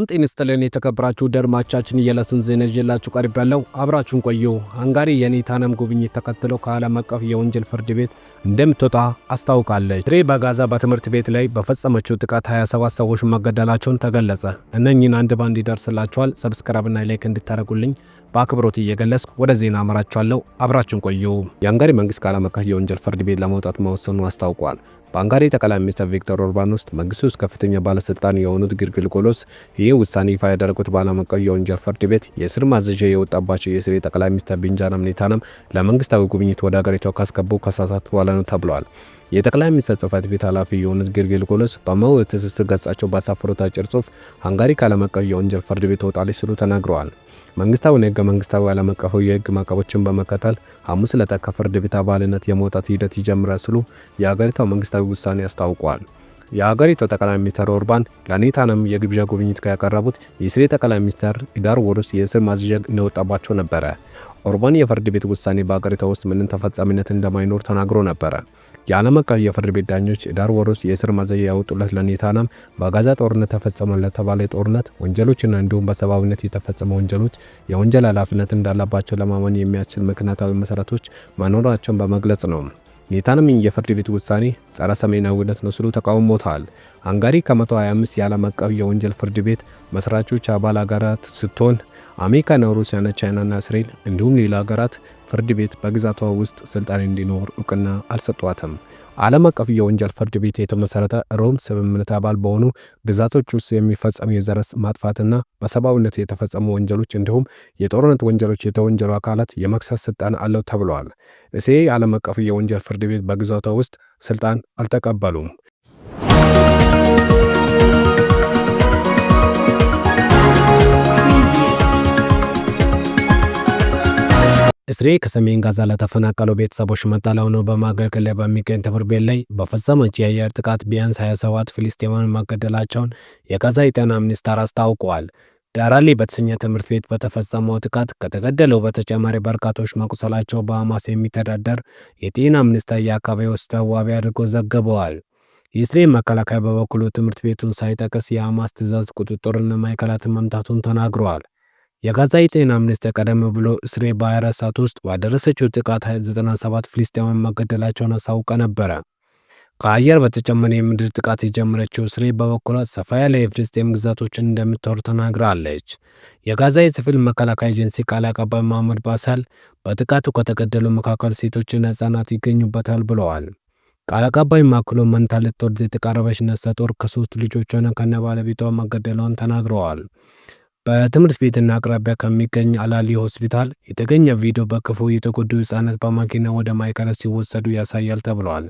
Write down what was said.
ሰላም ጤና ይስጥልን የተከበራችሁ ደርማቻችን የዕለቱን ዜና ይዤላችሁ ያለው አብራችሁን ቆዩ። ሃንጋሪ የኔታንም ጉብኝት ተከትሎ ከዓለም አቀፍ የወንጀል ፍርድ ቤት እንደምትወጣ አስታውቃለች። ትሬ በጋዛ በትምህርት ቤት ላይ በፈጸመችው ጥቃት 27 ሰዎች መገደላቸውን ተገለጸ። እነኝን አንድ ባንድ ይደርስላችኋል። ሰብስክራብና ላይክ እንድታደርጉልኝ በአክብሮት እየገለጽኩ ወደ ዜና አመራችኋለሁ። አብራችሁን ቆዩ። የሃንጋሪ መንግስት ከዓለም አቀፍ የወንጀል ፍርድ ቤት ለመውጣት መወሰኑ አስታውቋል። በአንጋሪ ጠቅላይ ሚኒስትር ቪክቶር ኦርባን ውስጥ መንግስት ውስጥ ከፍተኛ ባለስልጣን የሆኑት ግርግል ቆሎስ ይህ ውሳኔ ይፋ ያደረጉት ባለመቀው አቀፍ የወንጀል ፍርድ ቤት የእስር ማዘዣ የወጣባቸው የእስራኤል ጠቅላይ ሚኒስትር ቤንጃሚን ኔታንያሁ ለመንግስታዊ ጉብኝት ወደ ሀገሪቷ ካስገቡ ከሰዓታት በኋላ ነው ተብለዋል። የጠቅላይ ሚኒስትር ጽህፈት ቤት ኃላፊ የሆኑት ግሪጎሪ ኮሎስ በማኅበራዊ ትስስር ገጻቸው ባሳፈሩት አጭር ጽሁፍ ሃንጋሪ ከዓለም አቀፍ የወንጀል ፍርድ ቤት ትወጣለች ሲሉ ተናግረዋል። መንግስታዊና ህገ መንግስታዊ ዓለም አቀፋዊ የህግ ማዕቀቦችን በመከተል ሐሙስ ዕለት ከፍርድ ቤት አባልነት የመውጣት ሂደት ይጀምራል ሲሉ የአገሪቷ መንግስታዊ ውሳኔ አስታውቋል። የአገሪቱ ጠቅላይ ሚኒስትር ኦርባን ለኔታንም የግብዣ ጉብኝት ያቀረቡት የእስራኤል ጠቅላይ ሚኒስትር ኢዳር ወር ውስጥ የእስር ማዘዣ እንደወጣባቸው ነበረ። ኦርባን የፍርድ ቤት ውሳኔ በአገሪቷ ውስጥ ምንም ተፈጻሚነት እንደማይኖር ተናግሮ ነበረ። የዓለም አቀፍ የፍርድ ቤት ዳኞች ዳር ወር ውስጥ የእስር ማዘያ ያወጡለት ለኔታናም በጋዛ ጦርነት ተፈጸመ ለተባለ ጦርነት ወንጀሎችና እንዲሁም በሰብአዊነት የተፈጸመ ወንጀሎች የወንጀል ኃላፊነት እንዳለባቸው ለማመን የሚያስችል ምክንያታዊ መሰረቶች መኖራቸውን በመግለጽ ነው። ኔታንም የፍርድ ቤት ውሳኔ ጸረ ሰሜናዊነት ነው ሲሉ ተቃውሞታል። አንጋሪ ከ125 የዓለም አቀፍ የወንጀል ፍርድ ቤት መስራቾች አባል አገራት ስትሆን አሜሪካና፣ ሩሲያና፣ ቻይናና እስራኤል እንዲሁም ሌላ ሀገራት ፍርድ ቤት በግዛቷ ውስጥ ስልጣን እንዲኖር እውቅና አልሰጧትም። ዓለም አቀፍ የወንጀል ፍርድ ቤት የተመሰረተ ሮም ስምምነት አባል በሆኑ ግዛቶች ውስጥ የሚፈጸሙ የዘረስ ማጥፋትና በሰብአዊነት የተፈጸሙ ወንጀሎች እንዲሁም የጦርነት ወንጀሎች የተወንጀሉ አካላት የመክሰስ ስልጣን አለው ተብለዋል። እሴ ዓለም አቀፍ የወንጀል ፍርድ ቤት በግዛቷ ውስጥ ስልጣን አልተቀበሉም። እስሬ ከሰሜን ጋዛ ለተፈናቀሉ ቤተሰቦች መጠለያ ነው በማገልገል ክልል በሚገኝ ትምህርት ቤት ላይ በፈጸመች የአየር ጥቃት ቢያንስ 27 ፊልስጤማውያን መገደላቸውን የጋዛ የጤና ሚኒስቴር አስታውቀዋል። ዳራሊ በተሰኘ ትምህርት ቤት በተፈጸመው ጥቃት ከተገደለው በተጨማሪ በርካቶች መቁሰላቸው በሐማስ የሚተዳደር የጤና ሚኒስቴር የአካባቢ ውስጥ ዋቢ አድርጎ ዘግበዋል። የእስራኤል መከላከያ በበኩሉ ትምህርት ቤቱን ሳይጠቅስ የሐማስ ትዕዛዝ ቁጥጥርና ማዕከላትን መምታቱን ተናግረዋል። የጋዛ የጤና ሚኒስቴር ቀደም ብሎ እስሬ በ24 ሰዓት ውስጥ ባደረሰችው ጥቃት 97 ፍልስጤማውያን መገደላቸውን አሳውቀ ነበረ። ከአየር በተጨማሪ የምድር ጥቃት የጀመረችው እስሬ በበኩሏ ሰፋ ያለ የፍልስጤም ግዛቶችን እንደምትወር ተናግራለች። የጋዛ የሲቪል መከላከያ ኤጀንሲ ቃል አቀባይ ማህመድ ባሳል በጥቃቱ ከተገደሉ መካከል ሴቶችና ሕጻናት ይገኙበታል ብለዋል። ቃል አቀባይ ማክሎ መንታ ልትወልድ የተቃረበች ነፍሰ ጡር ከሶስት ልጆች ሆነ ከነባለቤቷ መገደሏን ተናግረዋል። በትምህርት ቤትና አቅራቢያ ከሚገኝ አላሊ ሆስፒታል የተገኘ ቪዲዮ በክፉ የተጎዱ ህጻናት በማኪና ወደ ማይከረስ ሲወሰዱ ያሳያል ተብሏል።